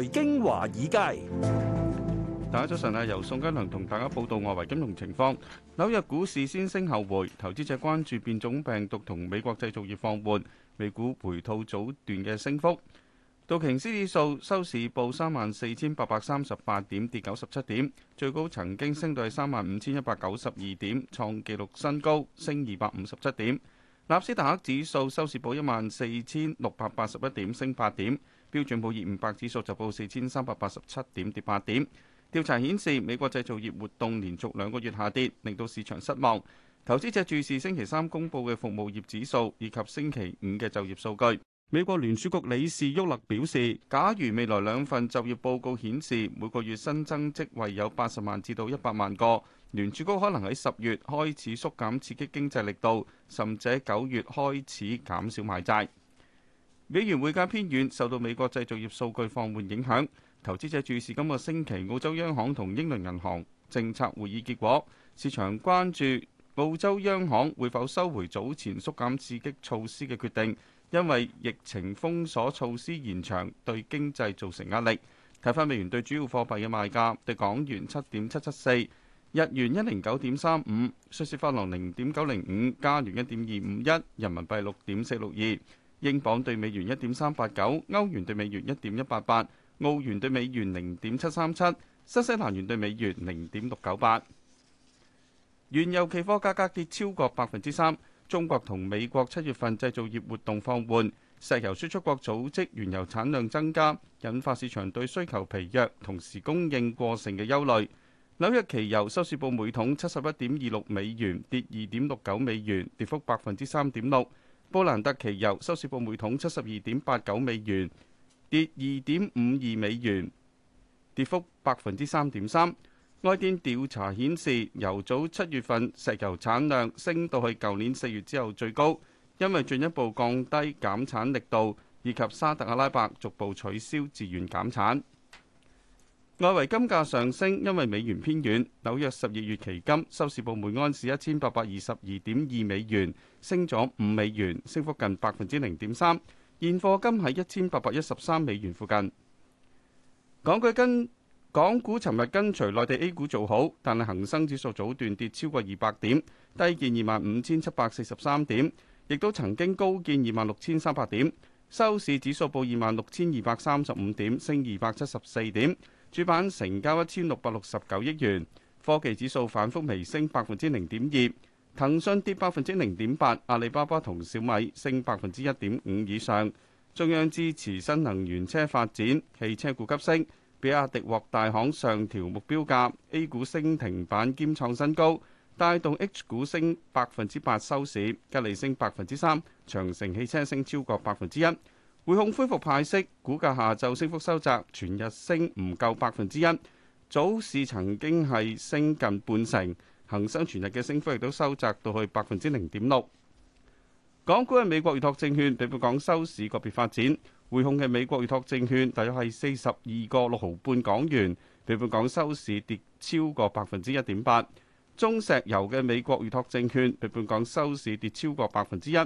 財經華爾街，大家早晨啊！由宋家良同大家報道外圍金融情況。紐約股市先升後回，投資者關注變種病毒同美國製造業放緩，美股回吐早段嘅升幅。道瓊斯指數收市報三萬四千八百三十八點，跌九十七點，最高曾經升到係三萬五千一百九十二點，創紀錄新高，升二百五十七點。納斯達克指數收市報一萬四千六百八十一點，升八點；標準普爾五百指數就報四千三百八十七點，跌八點。調查顯示，美國製造業活動連續兩個月下跌，令到市場失望。投資者注視星期三公布嘅服務業指數以及星期五嘅就業數據。美國聯儲局理事沃勒表示，假如未來兩份就業報告顯示每個月新增職位有八十萬至到一百萬個。聯儲局可能喺十月開始縮減刺激經濟力度，甚至九月開始減少買債。美元匯價偏軟，受到美國製造業數據放緩影響。投資者注視今個星期澳洲央行同英倫銀行政策會議結果，市場關注澳洲央行會否收回早前縮減刺激措施嘅決定，因為疫情封鎖措施延長對經濟造成壓力。睇翻美元對主要貨幣嘅賣價，對港元七點七七四，日元一零九點三五，瑞士法郎零點九零五，加元一點二五一，人民幣六點四六二，英鎊對美元一點三八九，歐元對美元一點一八八，澳元對美元零點七三七，新西蘭元對美元零點六九八。原油期貨價格跌超過百分之三。中國同美國七月份製造業活動放緩，石油輸出國組織原油產量增加，引發市場對需求疲弱，同時供應過剩嘅憂慮。紐約期油收市報每桶七十一點二六美元，跌二點六九美元，跌幅百分之三點六。布蘭特期油收市報每桶七十二點八九美元，跌二點五二美元，跌幅百分之三點三。外電調查顯示，由早七月份石油產量升到去舊年四月之後最高，因為進一步降低減產力度，以及沙特阿拉伯逐步取消自願減產。外圍金價上升，因為美元偏軟。紐約十二月期金收市報每安士一千八百二十二點二美元，升咗五美元，升幅近百分之零點三。現貨金喺一千八百一十三美元附近。港股跟港股尋日跟隨內地 A 股做好，但係恒生指數早段跌超過二百點，低見二萬五千七百四十三點，亦都曾經高見二萬六千三百點。收市指數報二萬六千二百三十五點，升二百七十四點。主板成交一千六百六十九億元，科技指數反覆微升百分之零點二，騰訊跌百分之零點八，阿里巴巴同小米升百分之一點五以上。中央支持新能源車發展，汽車股急升，比亞迪獲大行上調目標價，A 股升停板兼創新高，帶動 H 股升百分之八收市，吉利升百分之三，長城汽車升超過百分之一。匯控恢復派息，股價下晝升幅收窄，全日升唔夠百分之一。早市曾經係升近半成，恒生全日嘅升幅亦都收窄到去百分之零點六。港股嘅美國預託證券比本港收市個別發展，匯控嘅美國預託證券大約係四十二個六毫半港元，比本港收市跌超過百分之一點八。中石油嘅美國預託證券比本港收市跌超過百分之一。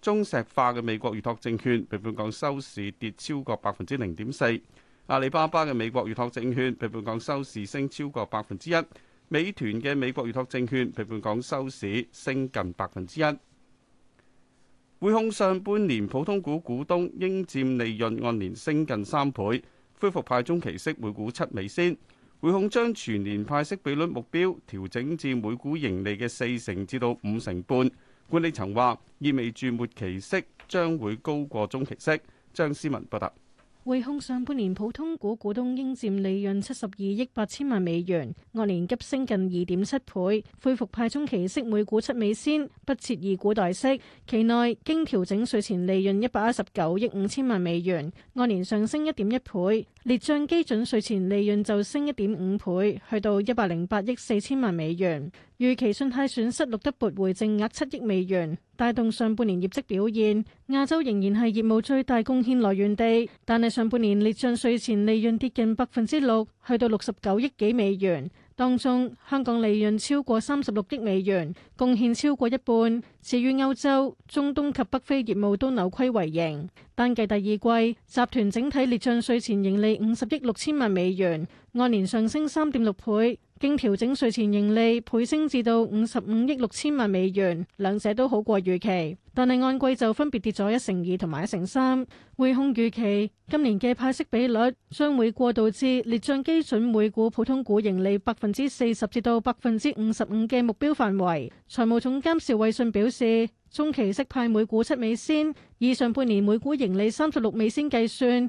中石化嘅美國預託證券，平盤港收市跌超過百分之零點四；阿里巴巴嘅美國預託證券，平盤港收市升超過百分之一；美團嘅美國預託證券，平盤港收市升近百分之一。匯控上半年普通股股東應佔利潤按年升近三倍，恢復派中期息每股七美仙。匯控將全年派息比率目標調整至每股盈利嘅四成至到五成半。管理層話，意味住末期息將會高過中期息。張思文報道。滙控上半年普通股股東應佔利潤七十二億八千萬美元，按年急升近二點七倍，恢復派中期息每股七美仙，不設以股代息。期內經調整稅前利潤一百一十九億五千萬美元，按年上升一點一倍，列賬基準稅前利潤就升一點五倍，去到一百零八億四千萬美元，預期信貸損失錄得撥回淨額七億美元。帶動上半年業績表現，亞洲仍然係業務最大貢獻來源地，但係上半年列賬稅前利潤跌近百分之六，去到六十九億幾美元，當中香港利潤超過三十六億美元，貢獻超過一半。至於歐洲、中東及北非業務都扭虧為盈，單計第二季集團整體列賬稅前盈利五十億六千萬美元，按年上升三點六倍。經調整稅前盈利倍升至到五十五億六千萬美元，兩者都好過預期，但係按季就分別跌咗一成二同埋一成三。匯控預期今年嘅派息比率將會過渡至列賬基準每股普通股盈利百分之四十至到百分之五十五嘅目標範圍。財務總監邵偉信表示，中期息派每股七美仙，以上半年每股盈利三十六美仙計算。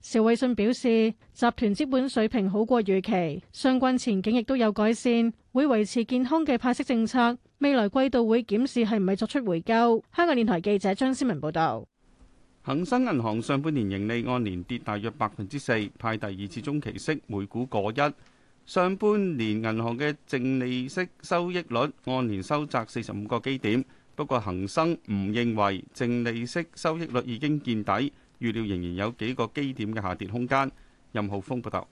邵偉信表示，集團資本水平好過預期，相關前景亦都有改善，會維持健康嘅派息政策。未來季度會檢視係唔係作出回購。香港電台記者張思文報道。恒生銀行上半年盈利按年跌大約百分之四，派第二次中期息每股個一。上半年銀行嘅淨利息收益率按年收窄四十五個基點，不過恒生唔認為淨利息收益率已經見底。預料仍然有幾個基點嘅下跌空間。任浩峰報道。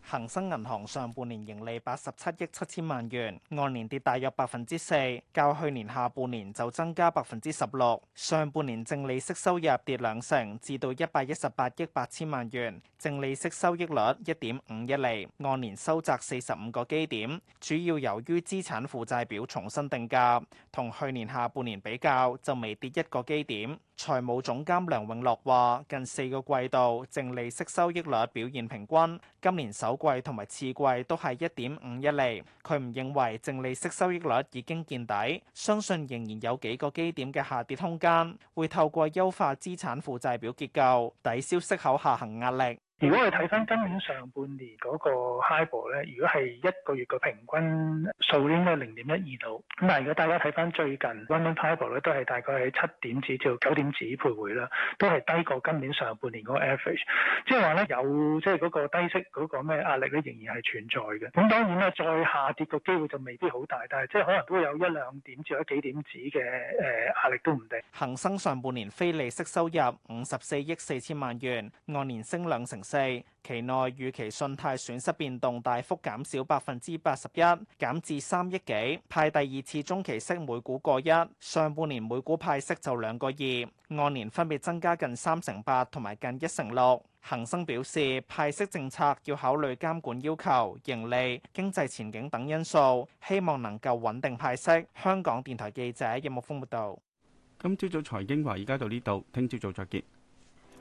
恒生銀行上半年盈利八十七億七千萬元，按年跌大約百分之四，較去年下半年就增加百分之十六。上半年淨利息收入跌兩成，至到一百一十八億八千萬元，淨利息收益率一點五一厘。按年收窄四十五個基點，主要由於資產負債表重新定價，同去年下半年比較就未跌一個基點，財務總監梁永樂話：近四個季度淨利息收益率表現平均，今年首季同埋次季都係一點五一厘。佢唔認為淨利息收益率已經見底，相信仍然有幾個基點嘅下跌空間，會透過優化資產負債表結構，抵消息口下行壓力。如果我哋睇翻今年上半年嗰個 HIBOR 咧，如果係一個月嘅平均數，應該零點一二度。咁但係如果大家睇翻最近 one month HIBOR 咧，都係大概喺七點子至到九點止徘徊啦，都係低過今年上半年嗰個 average。即係話咧，有即係嗰個低息嗰個咩壓力咧，仍然係存在嘅。咁當然啦，再下跌個機會就未必好大，但係即係可能都有一兩點至一幾點止嘅誒壓力都唔定。恒生上半年非利息收入五十四億四千萬元，按年升兩成。四期內預期信貸損失變動大幅減少百分之八十一，減至三億幾派第二次中期息每股過一，上半年每股派息就兩個二，按年分別增加近三成八同埋近一成六。恒生表示派息政策要考慮監管要求、盈利、經濟前景等因素，希望能夠穩定派息。香港電台記者葉木峰報道。今朝早財經華，而家到呢度，聽朝早作結。